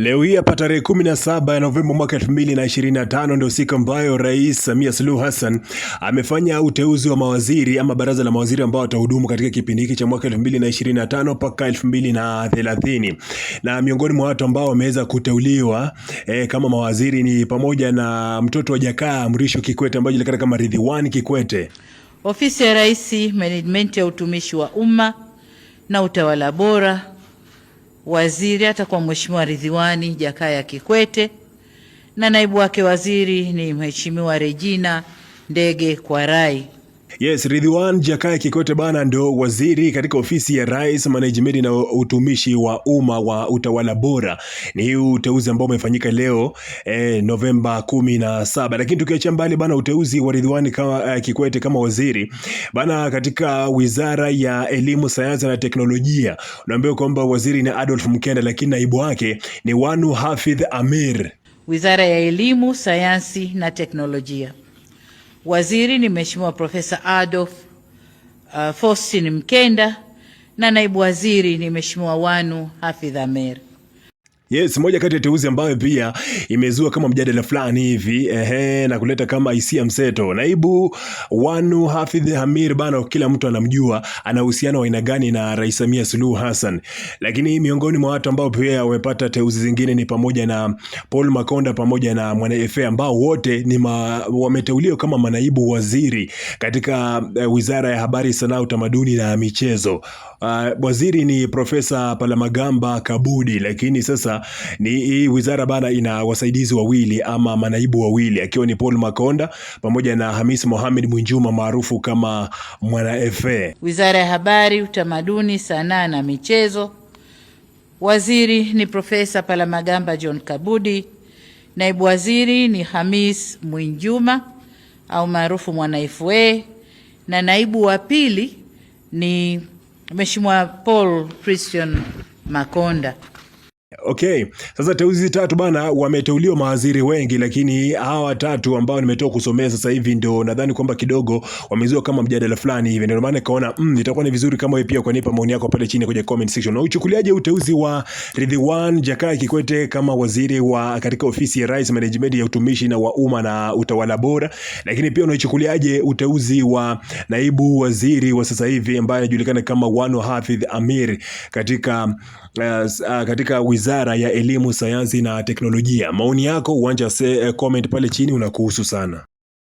Leo hii hapa tarehe 17 ya Novemba mwaka 2025 ndio siku ambayo Rais Samia Suluhu Hassan amefanya uteuzi wa mawaziri ama baraza la mawaziri ambao watahudumu katika kipindi hiki cha mwaka 2025 mpaka 2030. Na miongoni mwa watu ambao wameweza kuteuliwa e, kama mawaziri ni pamoja na mtoto wa Jakaya Mrisho Kikwete ambaye julikana kama Ridhiwani Kikwete. Ofisi ya Rais, Management ya Utumishi wa Umma na Utawala Bora waziri atakuwa Mheshimiwa Ridhiwani Jakaya Kikwete na naibu wake waziri ni Mheshimiwa Regina Ndege Kwarai. Yes, Ridhiwan Jakaya Kikwete bana ndo waziri katika ofisi ya Rais, management na utumishi wa umma wa utawala bora. Ni uteuzi ambao umefanyika leo eh, Novemba kumi na saba. Lakini tukiacha mbali bana uteuzi wa Ridhiwan kama, eh, Kikwete kama waziri bana katika Wizara ya Elimu, Sayansi na Teknolojia, unaambiwa kwamba waziri ni Adolf Mkenda, lakini naibu wake ni Wanu Hafidh Amir. Wizara ya Elimu, Sayansi na Teknolojia. Waziri ni Mheshimiwa Profesa Adolf uh, Faustin Mkenda na naibu waziri ni Mheshimiwa Wanu Hafidh Amer. Yes, moja kati ya teuzi ambayo pia imezua kama mjadala fulani hivi ehe, na kuleta kama hisia mseto. Naibu Wanu Hafidh Hamir bana, kila mtu anamjua ana uhusiano wa aina gani na Rais Samia Suluhu Hassan, lakini miongoni mwa watu ambao pia wamepata teuzi zingine ni pamoja na Paul Makonda pamoja na Mwana FA ambao wote ni wameteuliwa kama manaibu waziri katika eh, wizara ya habari, sanaa, utamaduni na michezo uh, waziri ni Profesa Palamagamba Kabudi, lakini sasa ni hii wizara bana ina wasaidizi wawili ama manaibu wawili, akiwa ni Paul Makonda pamoja na Hamis Mohamed Mwinjuma maarufu kama Mwana FA. Wizara ya Habari, Utamaduni, Sanaa na Michezo, waziri ni Profesa Palamagamba John Kabudi, naibu waziri ni Hamis Mwinjuma au maarufu Mwana FA, na naibu wa pili ni Mheshimiwa Paul Christian Makonda. Okay, sasa teuzi tatu bana, wameteuliwa mawaziri wengi, lakini hawa watatu ambao nimetoa kusomea sasa hivi ndio nadhani kwamba kidogo wamezua kama mjadala fulani hivi, ndio maana kaona mm, itakuwa ni vizuri kama wewe pia ukanipa maoni yako pale chini kwenye comment section. Na uchukuliaje uteuzi wa Ridhiwan Jakaya Kikwete kama waziri wa katika ofisi ya Rais, Management ya utumishi na wa umma na utawala bora, lakini pia unaichukuliaje uteuzi wa naibu waziri wa sasa hivi ambaye anajulikana kama Wanu Hafidh Amir katika uh, uh, katika wizara Wizara ya Elimu, Sayansi na Teknolojia. Maoni yako uwanja se eh, comment pale chini unakuhusu sana.